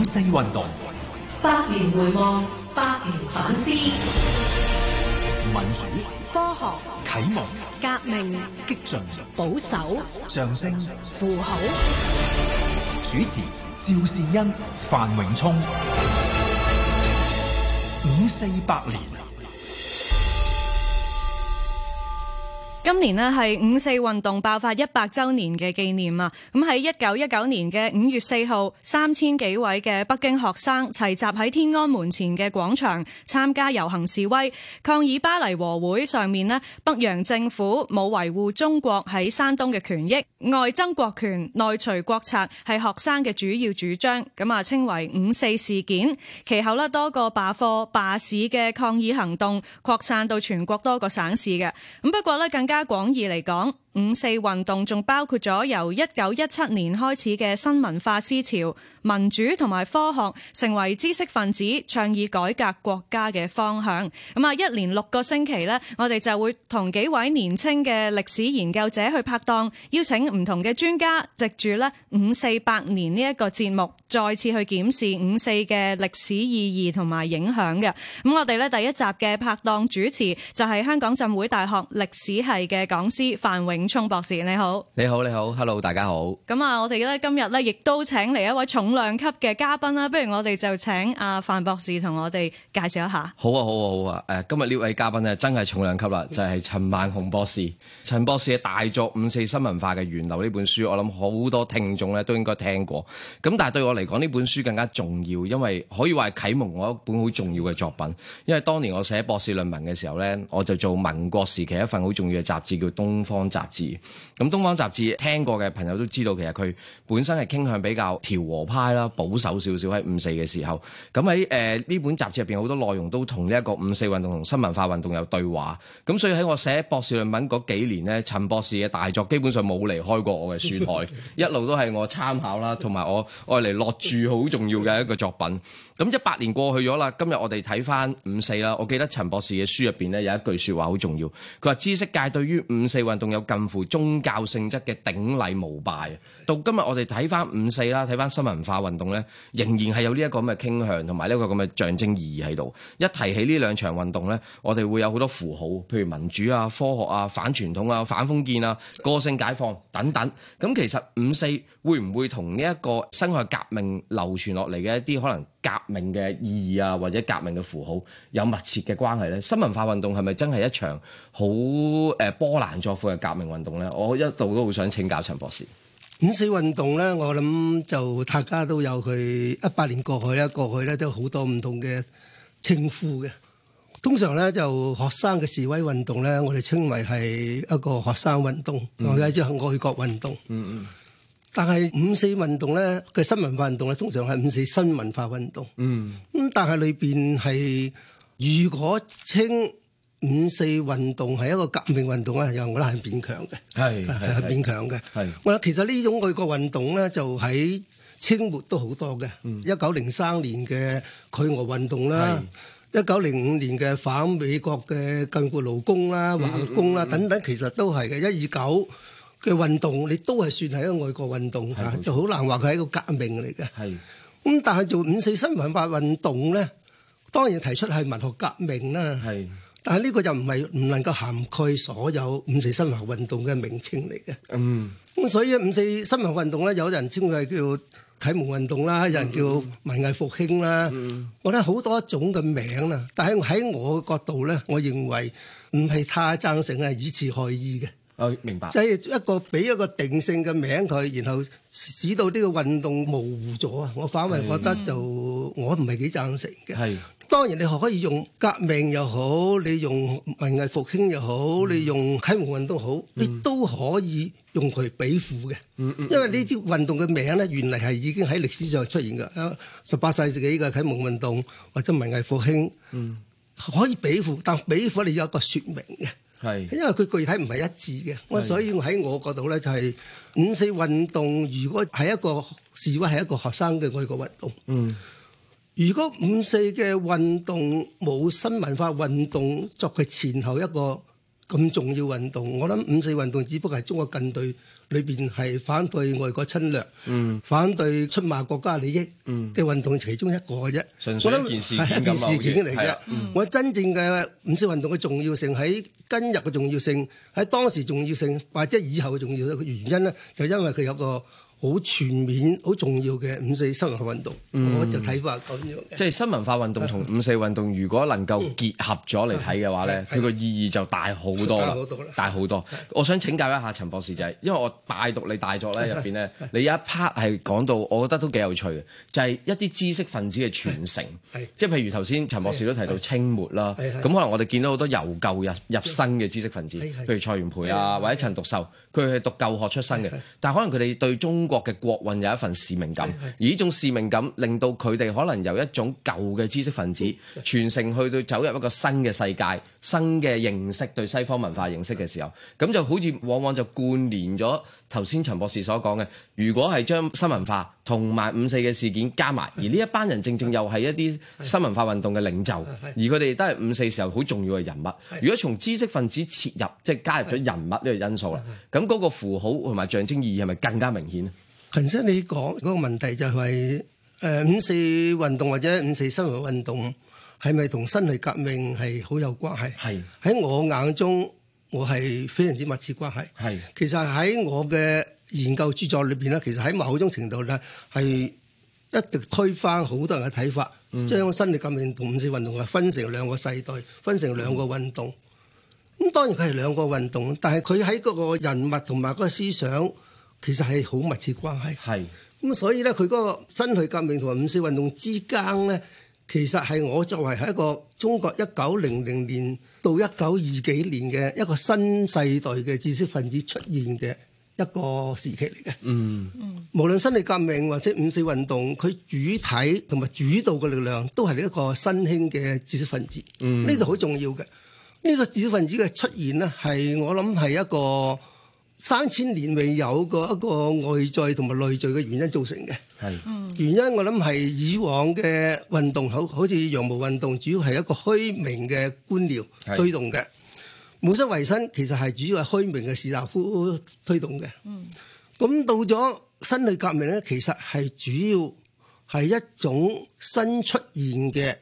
五四運動，百年回望，百年反思。民主、科學啟蒙、革命激進進、保守、象徵徵、符號候。主持：趙善恩、范永聰。五四百年。今年呢，係五四運動爆發一百周年嘅紀念啊！咁喺一九一九年嘅五月四號，三千幾位嘅北京學生齊集喺天安門前嘅廣場參加遊行示威，抗議巴黎和會上面呢，北洋政府冇維護中國喺山東嘅權益，外爭國權，內除國賊係學生嘅主要主張，咁啊稱為五四事件。其後咧多個罷課、罷市嘅抗議行動擴散到全國多個省市嘅，咁不過呢更加。廣義嚟講。五四運動仲包括咗由一九一七年開始嘅新文化思潮、民主同埋科學，成為知識分子倡議改革國家嘅方向。咁啊，一年六個星期咧，我哋就會同幾位年青嘅歷史研究者去拍檔，邀請唔同嘅專家，藉住咧五四百年呢一個節目，再次去檢視五四嘅歷史意義同埋影響嘅。咁我哋咧第一集嘅拍檔主持就係香港浸會大學歷史系嘅講師范榮。伍聰博士你好，你好你好，Hello，大家好。咁啊，我哋咧今日咧亦都請嚟一位重量級嘅嘉賓啦，不如我哋就請阿范博士同我哋介紹一下。好啊好啊好啊，誒、啊，今日呢位嘉賓咧真係重量級啦，就係、是、陳萬雄博士。陳 博士嘅大作《五四新文化嘅源流》呢本書，我諗好多聽眾咧都應該聽過。咁但係對我嚟講呢本書更加重要，因為可以話係啟蒙我一本好重要嘅作品。因為當年我寫博士論文嘅時候咧，我就做民國時期一份好重要嘅雜誌叫《東方雜誌》。字咁《東方雜誌》聽過嘅朋友都知道，其實佢本身係傾向比較調和派啦，保守少少喺五四嘅時候。咁喺誒呢本雜誌入邊，好多內容都同呢一個五四運動同新文化運動有對話。咁所以喺我寫博士論文嗰幾年呢，陳博士嘅大作基本上冇離開過我嘅書台， 一路都係我參考啦，同埋我愛嚟落注好重要嘅一個作品。咁一百年過去咗啦，今日我哋睇翻五四啦。我記得陳博士嘅書入邊呢有一句説話好重要，佢話知識界對於五四運動有咁近乎宗教性質嘅頂禮膜拜，到今日我哋睇翻五四啦，睇翻新文化運動咧，仍然係有呢一個咁嘅傾向，同埋呢一個咁嘅象徵意義喺度。一提起呢兩場運動咧，我哋會有好多符號，譬如民主啊、科學啊、反傳統啊、反封建啊、個性解放等等。咁其實五四會唔會同呢一個辛亥革命流傳落嚟嘅一啲可能革命嘅意義啊，或者革命嘅符號有密切嘅關係咧。新文化運動係咪真係一場好誒波瀾壯闊嘅革命運動咧？我一度都好想請教陳博士。五四運動咧，我諗就大家都有佢一百年過去啦，過去咧都有好多唔同嘅稱呼嘅。通常咧就學生嘅示威運動咧，我哋稱為係一個學生運動，嗯、或者叫愛國運動。嗯嗯。但係五四運動咧嘅新文化運動咧，通常係五四新文化運動。嗯。咁但係裏邊係如果稱五四運動係一個革命運動啊，又我覺得係勉強嘅。係係勉強嘅。係。我覺得其實呢種愛國運動咧，就喺清末都好多嘅。嗯。一九零三年嘅拒俄運動啦，一九零五年嘅反美國嘅禁固勞工啦、華工啦等等，其實都係嘅。一二九嘅運動你都係算係一個外國運動嚇，就好難話佢係一個革命嚟嘅。係咁，但係做五四新文化運動咧，當然提出係文學革命啦。係，但係呢個就唔係唔能夠涵蓋所有五四新文化運動嘅名稱嚟嘅。嗯，咁所以五四新文化運動咧，有人稱佢係叫啟蒙運動啦，有人叫文藝復興啦。嗯，我覺得好多種嘅名啊，但係喺我角度咧，我認為唔係太贊成係以辭害義嘅。哦、明白。即係一個俾一個定性嘅名佢，然後使到呢個運動模糊咗啊！我反為覺得就的我唔係幾贊成嘅。係的當然你可以用革命又好，你用文藝復興又好，嗯、你用啟蒙運動好，嗯、你都可以用佢比附嘅。嗯嗯，嗯嗯。因為呢啲運動嘅名咧，原嚟係已經喺歷史上出現嘅。十八世紀嘅啟蒙運動或者文藝復興，嗯，可以比附，但比附你有一個説明嘅。係，因為佢具體唔係一致嘅，的所以我喺我角度呢，就係、是、五四運動如果係一個示威，係一個學生嘅愛國運動。嗯，如果五四嘅運動冇新文化運動作佢前後一個。咁重要運動，我諗五四運動只不過係中國近代裏邊係反對外國侵略、嗯、反對出賣國家利益嘅運動，其中一個嘅啫。純粹一件事件，我諗係一件事件嚟啫。嗯、我真正嘅五四運動嘅重要性喺今日嘅重要性，喺當時重要性，或者以後嘅重要嘅原因咧，就因為佢有個。好全面、好重要嘅五四新文化運動，我就睇法咁樣。即係新文化運動同五四運動，如果能夠結合咗嚟睇嘅話呢，佢個意義就大好多，大好多。我想請教一下陳博士就係，因為我拜讀你大作呢入邊呢，你有一 part 係講到，我覺得都幾有趣嘅，就係一啲知識分子嘅傳承，即係譬如頭先陳博士都提到清末啦，咁可能我哋見到好多由舊入入新嘅知識分子，譬如蔡元培啊或者陳獨秀，佢係讀舊學出身嘅，但係可能佢哋對中國嘅國運有一份使命感，而呢種使命感令到佢哋可能由一種舊嘅知識分子傳承去到走入一個新嘅世界、新嘅認識，對西方文化認識嘅時候，咁就好似往往就貫連咗頭先陳博士所講嘅，如果係將新文化。同埋五四嘅事件加埋，而呢一班人正正又係一啲新文化運動嘅領袖，而佢哋都係五四時候好重要嘅人物。如果從知識分子切入，即係加入咗人物呢個因素啦，咁嗰個符號同埋象徵意義係咪更加明顯咧？陳生，你講嗰個問題就係誒五四運動或者五四新文化運動係咪同辛亥革命係好有關係？係喺我眼中，我係非常之密切關係，係其實喺我嘅。研究著作裏邊咧，其實喺某種程度咧，係一直推翻好多人嘅睇法，將辛亥革命同五四運動啊分成兩個世代，分成兩個運動，咁當然佢係兩個運動，但係佢喺嗰個人物同埋嗰個思想，其實，係好密切關係，係咁是，所以咧佢嗰個辛亥革命同五四運動之間咧，其實，係我作為喺一個中國一九零零年到一九二幾年嘅一個新世代嘅知識分子出現嘅。一個時期嚟嘅。嗯，無論辛亥革命或者五四運動，佢主體同埋主導嘅力量都係一個新興嘅知識分子，嗯，呢度好重要嘅。呢個知識分子嘅出現呢，係我諗係一個三千年未有過一個外在同埋內在嘅原因造成嘅。係，原因我諗係以往嘅運動好好似洋務運動，主要係一個虛名嘅官僚推動嘅。戊戌維新，其實係主要係開明嘅士大夫推動嘅。嗯，咁到咗辛亥革命咧，其實係主要係一種新出現嘅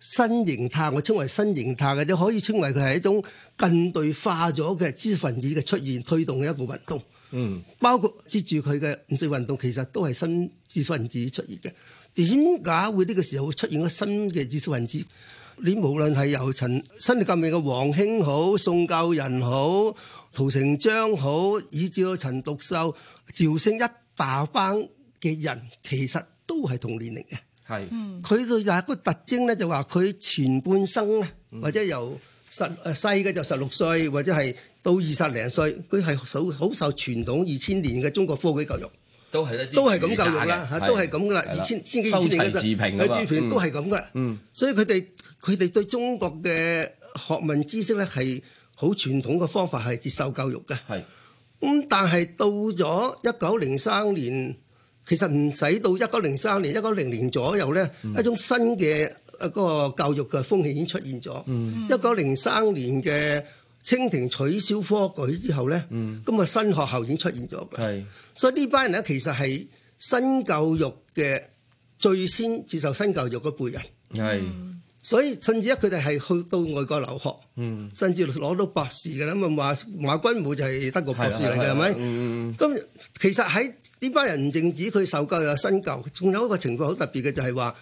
新型態，我稱為新型態嘅，即可以稱為佢係一種近代化咗嘅知識分子嘅出現推動嘅一部運動。嗯，包括接住佢嘅五四運動，其實都係新知識分子出現嘅。點解會呢個時候出現咗新嘅知識分子？你無論係由陳新革命嘅黃興好、宋教仁好、陶成章好，以至到陳獨秀、趙聲一大班嘅人，其實都係同年齡嘅。係是，佢對就係個特徵咧，就話佢前半生咧，嗯、或者由十誒細嘅就十六歲，或者係到二十零歲，佢係受好受傳統二千年嘅中國科舉教育。都係都係咁教育啦，都係咁噶啦，二千千幾二千年前嘅喺朱權都係咁噶，所以佢哋佢哋對中國嘅學問知識咧係好傳統嘅方法係接受教育嘅，咁但係到咗一九零三年，其實唔使到一九零三年一九零年左右咧，一種新嘅一個教育嘅風氣已經出現咗，一九零三年嘅。清廷取消科舉之後咧，咁啊，新學校已經出現咗嘅，所以呢班人咧，其實係新教育嘅最先接受新教育嘅一輩人。係，所以甚至一佢哋係去到外國留學，甚至攞到博士嘅啦。咁啊，馬馬君武就係德國博士嚟嘅係咪？咁其實喺呢班人唔淨止佢受教育有新教，仲有一個情況好特別嘅就係話，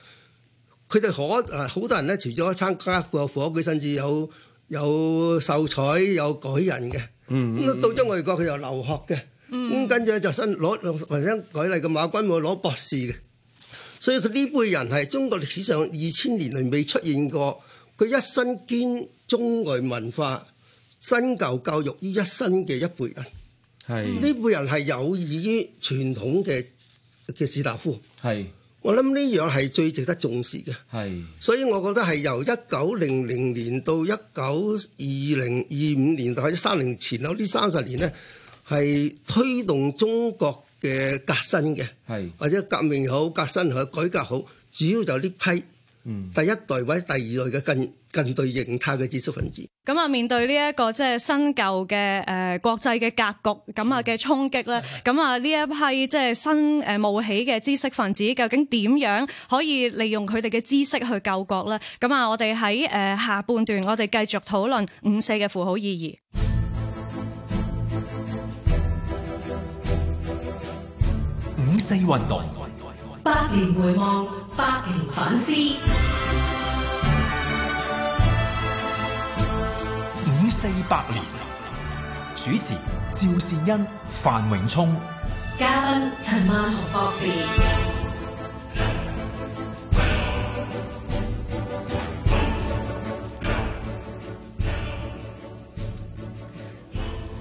佢哋可啊好多人咧除咗參加個科舉，甚至有。有秀才，有舉人嘅，咁、mm hmm. 到咗外國佢又留學嘅，咁、mm hmm. 跟住就新攞，原先舉例嘅馬君武攞博士嘅，所以佢呢輩人係中國歷史上二千年嚟未出現過，佢一身兼中外文化、新舊教育於一身嘅一輩人，呢、mm hmm. 輩人係有意於傳統嘅嘅士大夫。Mm hmm. 我諗呢樣係最值得重視嘅，是的 所以我覺得係由一九零零年到一九二零二五年或者三零前後呢三十年咧，係推動中國嘅革新嘅，是的 或者革命好、革新好、改革好，主要就呢批。嗯，第一代或者第二代嘅近近對形態嘅知識分子。咁啊，面對呢一個即係新舊嘅誒國際嘅格局衝擊，咁啊嘅衝擊咧，咁啊呢一批即係新誒冒起嘅知識分子，究竟點樣可以利用佢哋嘅知識去救國咧？咁啊、嗯，我哋喺誒下半段，我哋繼續討論五四嘅符號意義。五四運動。百年回望，百年反思。五四百年，主持：趙善恩、范永聰，嘉賓：陳萬雄博士。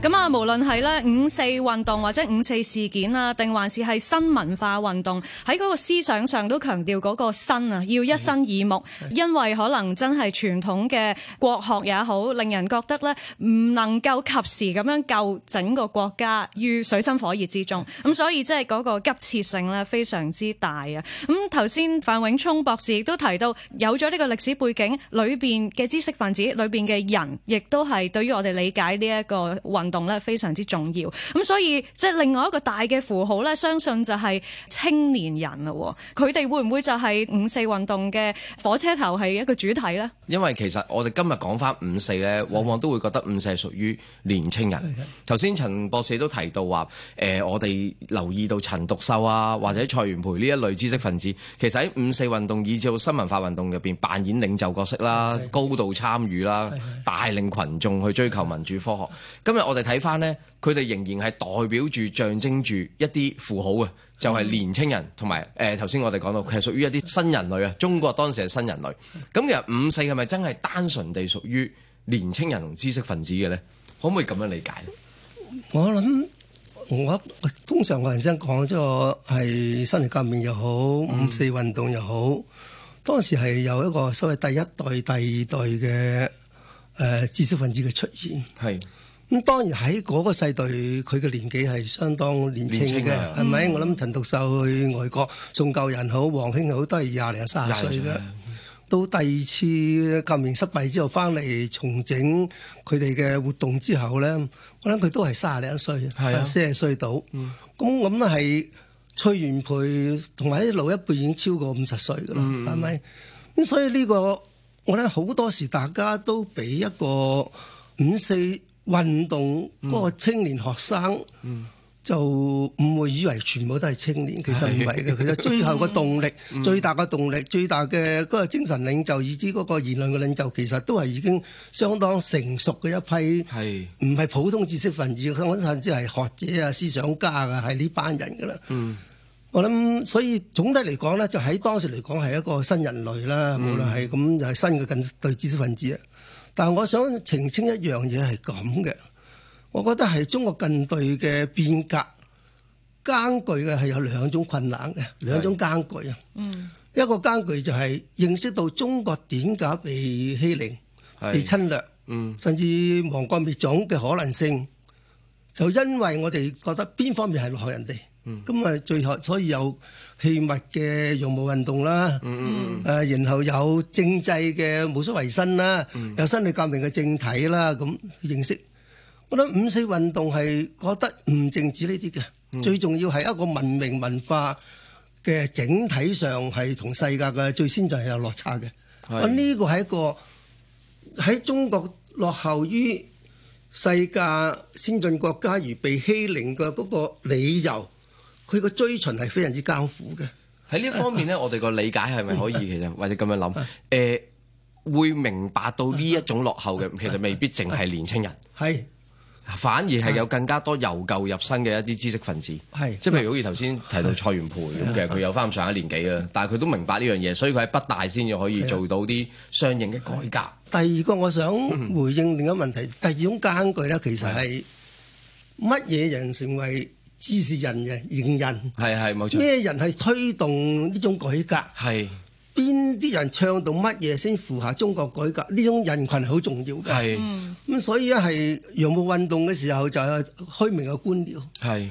咁啊，無論係咧五四運動或者五四事件啊，定還是係新文化運動，喺嗰思想上都強調個新啊，要一新耳目，因為可能真係傳統嘅國學也好，令人覺得咧唔能夠及時咁樣救整個國家於水深火熱之中。咁所以即係個急切性咧非常之大啊！咁頭先范永聰博士亦都提到，有咗呢個歷史背景裏邊嘅知識分子裏邊嘅人，亦都係對於我哋理解呢一個運動咧非常之重要，咁所以即係另外一個大嘅符號咧，相信就係青年人啦。佢哋會唔會就係五四運動嘅火車頭，係一個主題咧？因為其實我哋今日講翻五四咧，往往都會覺得五四係屬於年青人。頭先陳博士都提到話誒、呃、我哋留意到陳獨秀啊，或者蔡元培呢一類知識分子，其實喺五四運動以至到新文化運動入邊扮演領袖角色啦，高度參與啦，帶領群眾去追求民主科學，今日我哋。睇翻呢，佢哋仍然係代表住、象徵住一啲符號啊，就係、是、年青人同埋誒頭先我哋講到，佢係屬於一啲新人類啊。中國當時係新人類，咁其實五四係咪真係單純地屬於年青人同知識分子嘅呢？可唔可以咁樣理解？我諗，我通常我頭先講咗係辛亥革命又好，五四運動又好，嗯、當時係有一個所謂第一代、第二代嘅、呃、知識分子嘅出現，係。咁當然喺嗰個世代，佢嘅年紀係相當年輕嘅，係咪？吧嗯、我諗陳獨秀去外國，宋教仁好，黃興好都係廿零三十歲嘅。歲到第二次革命失敗之後，翻嚟重整佢哋嘅活動之後咧，我諗佢都係卅零歲，係是啊，四十歲到。咁咁係蔡元培同埋啲老一輩已經超過五十歲㗎喇，係咪、嗯？咁、嗯、所以呢、這個我諗好多時大家都俾一個五四運動嗰、那個青年學生、嗯、就唔會以為全部都係青年，其實唔係嘅。是其實最後嘅動力、嗯、最大嘅動力、嗯、最大嘅個精神領袖以至嗰個言論嘅領袖，其實都係已經相當成熟嘅一批，唔係普通知識分子，是甚至係學者啊、思想家噶，係呢班人噶啦。嗯、我諗，所以總體嚟講呢，就喺當時嚟講係一個新人類啦。無論係咁，嗯、就係新嘅近代知識分子啊。但我想澄清一樣嘢係咁嘅，我覺得係中國近代嘅變革艱巨嘅係有兩種困難嘅，兩種艱巨啊。是一個艱巨就係認識到中國點解被欺凌、被侵略，是甚至亡國滅種嘅可能性，就因為我哋覺得邊方面係落害人哋。咁啊，最後所以有器物嘅洋務運動啦，誒，然後有政制嘅戊戌維新啦，有辛亥革命嘅政體啦，咁認識。我覺得五四運動係覺得唔淨止呢啲嘅，最重要係一個文明文化嘅整體上係同世界嘅最先進係有落差嘅。咁呢個係一個喺中國落後於世界先進國家而被欺凌嘅嗰個理由。佢個追尋係非常之艱苦嘅，喺呢一方面呢，我哋個理解係咪可以其實或者咁樣諗？誒，會明白到呢一種落後嘅，其實未必淨係年青人，係反而係有更加多由舊入新嘅一啲知識分子，係即係譬如好似頭先提到蔡元培咁，其實佢有翻咁上一年紀啦，但係佢都明白呢樣嘢，所以佢喺北大先至可以做到啲相應嘅改革。第二個我想回應另一問題，第二種艱巨咧，其實係乜嘢人成為？支持人嘅認人係係冇錯。咩人係推動呢種改革？係邊啲人倡導乜嘢先符合中國改革？呢種人群係好重要嘅。係咁是，嗯、所以係洋務運動嘅時候就有虛名嘅官僚係誒，戊戌是、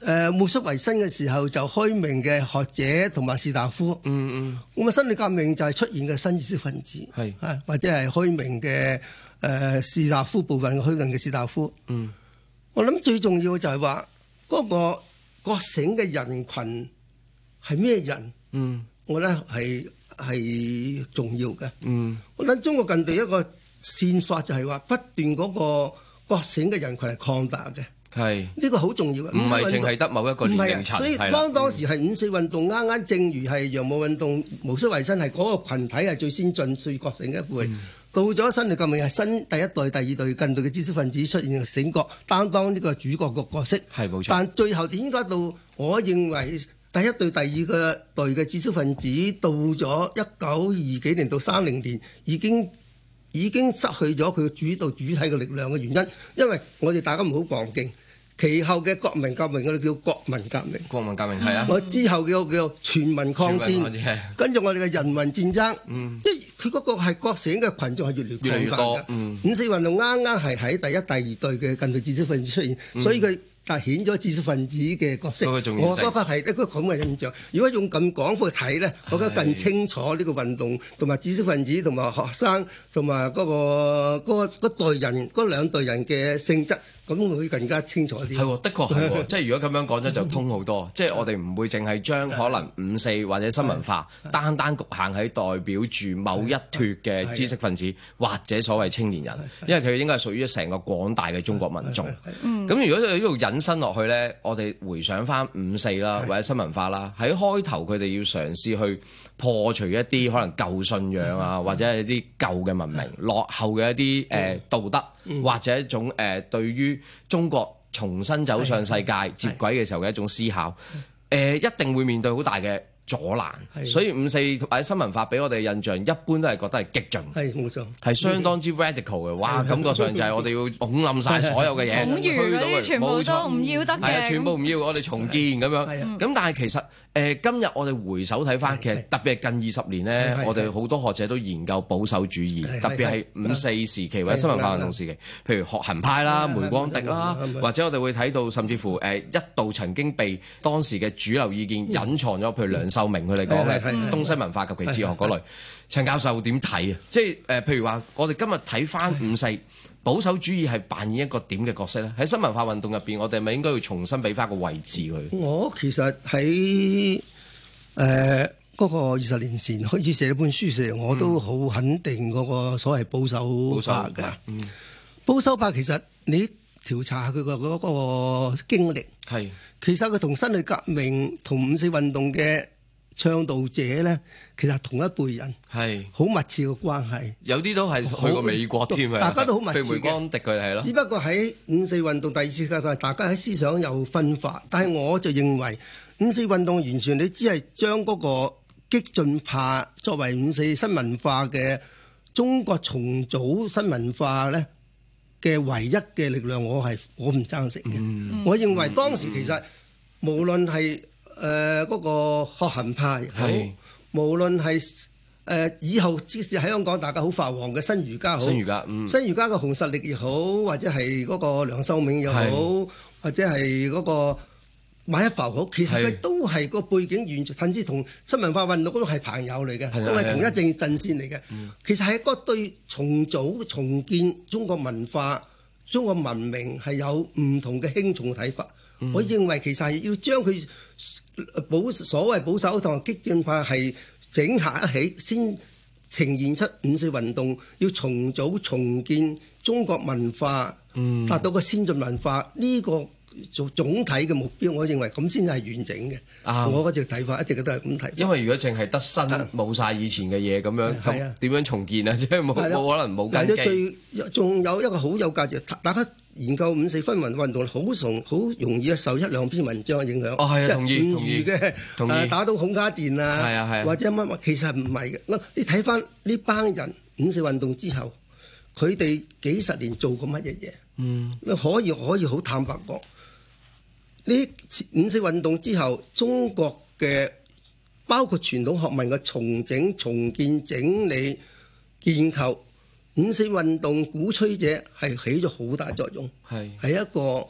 嗯嗯、維新嘅時候就虛名嘅學者同埋士大夫。嗯嗯，咁、嗯、啊，辛亥革命就係出現嘅新知識分子係是或者係虛名嘅誒、呃、士大夫部分嘅虛名嘅士大夫。嗯，嗯，我諗最重要就係話。嗰個覺醒嘅人群係咩人？嗯，我覺得係係重要嘅。嗯，我諗中國近代一個線索就係話不斷嗰個覺醒嘅人群係擴大嘅。係呢是個好重要嘅，唔係淨係得某一個年齡層、啊、所以當當時係五四運動啱啱，嗯、剛剛正如係洋務運動、戊戌維新係嗰個羣體係最先進、最覺醒一輩。嗯到咗新民主革命係新第一代、第二代近代嘅知識分子出現，醒覺擔當呢個主角個角色，係冇錯。但最後點解到我認為第一代、第二個代嘅知識分子到咗一九二幾年到三零年，已經已經失去咗佢主導主體嘅力量嘅原因，因為我哋大家唔好忘記。其後嘅國民革命，我哋叫國民革命。國民革命係啊，我之後叫叫全民抗戰，跟住我哋嘅人民戰爭。嗯，即係佢嗰個係覺醒嘅羣眾係越嚟越多。五四運動啱啱係喺第一、第二代嘅近代知識分子出現，所以佢凸顯咗知識分子嘅角色。我覺得係一個咁嘅印象。如果用咁廣闊去睇咧，我覺得更清楚呢個運動同埋知識分子同埋學生同埋嗰個嗰嗰代人嗰兩代人嘅性質。咁會更加清楚啲。係喎，的確係喎，即係如果咁樣講咗就通好多。 即係我哋唔會淨係將可能五四或者新文化單單單局限喺代表住某一脱嘅知識分子或者所謂青年人，因為佢應該係屬於成個廣大嘅中國民眾。嗯。咁如果喺呢度引申落去呢，我哋回想翻五四啦，或者新文化啦，喺開頭佢哋要嘗試去。破除一啲可能舊信仰啊，或者一啲舊嘅文明、落後嘅一啲誒、呃、道德，或者一種誒、呃、對於中國重新走上世界接軌嘅時候嘅一種思考，誒、呃、一定會面對好大嘅阻攔，所以五四同埋新文化俾我哋嘅印象，一般都係覺得係激進，係相當之 radical 嘅，哇！感覺上就係我哋要拱冧曬所有嘅嘢，拱完全部都唔要得嘅，全部唔要，我哋重建咁樣。咁但係其實誒，今日我哋回首睇翻，其實特別係近二十年咧，我哋好多學者都研究保守主義，特別係五四時期或者新文化運動時期，譬如學衡派啦、梅光迪啦，或者我哋會睇到，甚至乎誒一度曾經被當時嘅主流意見隱藏咗，譬如梁受明佢嚟講嘅東西文化及其哲學嗰類，陳教授點睇啊？即係誒、呃，譬如話我哋今日睇翻五四保守主義係扮演一個點嘅角色咧？喺新文化運動入邊，我哋係咪應該要重新俾翻個位置佢？我其實喺誒嗰個二十年前開始寫咗本書時，我都好肯定嗰個所謂保守派噶。保守派、嗯、其實你調查下佢個嗰個經歷，係的其實佢同辛亥革命同五四運動嘅。倡導者咧，其實同一輩人，係好密切嘅關係。有啲都係去過美國添，係咪？大家都好密切嘅。飛梅芳迪佢哋係咯。只不過喺五四運動第二次革命，大家喺思想又分化。但係我就認為五四運動完全你只係將嗰個激進派作為五四新文化嘅中國重組新文化咧嘅唯一嘅力量，我係我唔贊成嘅。我認為當時其實無論係。誒嗰、呃那個學衡派，是無論係誒、呃、以後即使喺香港大家好發旺嘅新儒家好，新儒家、嗯、新儒家嘅熊十力又好，或者係嗰個梁漱溟又好，是或者係嗰個馬一浮好，其實佢都係個背景完全，甚至同新文化運動嗰度係朋友嚟嘅，的都係同一陣陣線嚟嘅。嗯、其實係嗰對重組重建中國文化、中國文明係有唔同嘅輕重嘅睇法。我認、嗯、為其實係要將佢。保所謂保守同激進化係整一下一起先呈現出五四運動，要重組重建中國文化，達到個先進文化呢個做總體嘅目標，我認為咁先係完整嘅。啊、我嗰隻睇法一直都係咁睇。因為如果淨係得新冇晒的以前嘅嘢咁樣，點樣重建啊？即係冇冇可能，冇根基最，仲有一個好有價值，但係。研究五四分文運動好崇好容易受一兩篇文章影響，哦、即係同意嘅，誒打到孔家店啊，意或者乜乜，其實唔係嘅。你睇翻呢班人五四運動之後，佢哋幾十年做過乜嘢嘢？嗯，你可，可以可以好坦白講，呢五四運動之後，中國嘅包括傳統學問嘅重整、重建、整理、建構。五四運動鼓吹者係起咗好大作用，係係是一個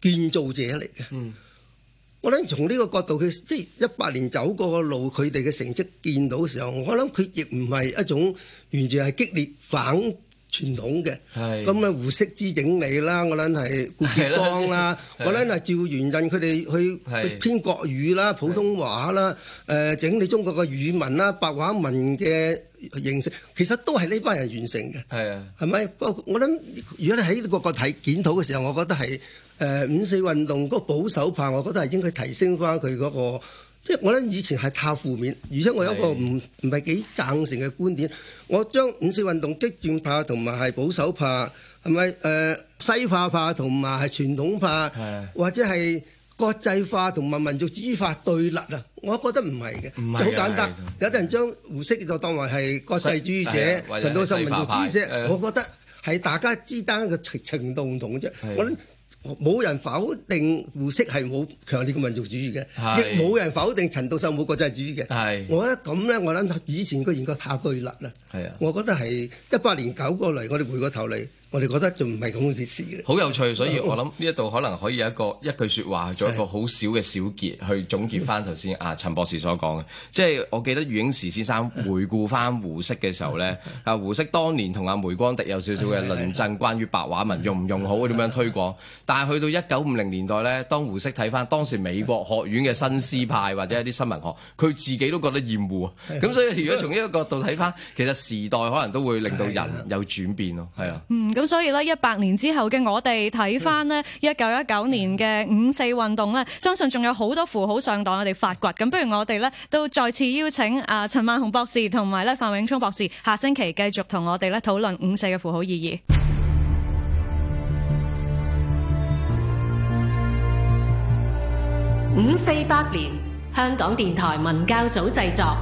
建造者嚟嘅。嗯、我諗從呢個角度，佢即係一百年走過個路，佢哋嘅成績見到嘅時候，我諗佢亦唔係一種完全係激烈反。傳統嘅咁啊，的胡適之整理啦，我諗係顧頡剛啦，的我諗係趙元任佢哋去編國語啦、普通話啦，誒，的整理中國嘅語文啦、白話文嘅形式，其實都係呢班人完成嘅，係咪的？不過我諗，如果你喺個個睇檢討嘅時候，我覺得係誒、呃、五四運動嗰，保守派，我覺得係應該提升翻佢嗰個。即係我諗以前係太負面，而且我有一個唔唔係幾贊成嘅觀點。我將五四運動激進派同埋係保守派，係咪誒西化派同埋係傳統派，是的 或者係國際化同埋民族主義法對立啊？我覺得唔係嘅，好簡單。有啲人將胡適就當為係國際主義者，陳獨秀民族主義者，我覺得係大家之間嘅程程度唔同嘅啫。我諗的。冇人否定胡適係冇強烈嘅民族主義嘅，亦冇是的 人否定陳獨秀冇國際主義嘅。是的 我覺得咁咧，我諗以前佢應該太對立啦。我覺得係是的 一百年九過嚟，我哋回過頭嚟。我哋覺得就唔係咁嘅事，好有趣。所以我諗呢一度可能可以有一個一句説話，做一個好小嘅小結，的去總結翻頭先啊陳博士所講嘅。即係我記得余英時先生回顧翻胡適嘅時候呢，啊的胡適當年同阿梅光迪有少少嘅論爭，關於白話文用唔用好，點樣的推廣。但係去到一九五零年代呢，當胡適睇翻當時美國學院嘅新思派或者一啲新聞學，佢自己都覺得厭惡。咁所以如果從呢個角度睇翻，其實時代可能都會令到人有轉變咯。係啊。咁所以咧，一百年之後嘅我哋睇返呢，一九一九年嘅五四運動呢，相信仲有好多符號尚待我哋發掘。咁不如我哋呢，都再次邀請啊陳萬雄博士同埋咧范永聰博士，下星期繼續同我哋咧討論五四嘅符號意義。五四百年，香港電台文教組製作。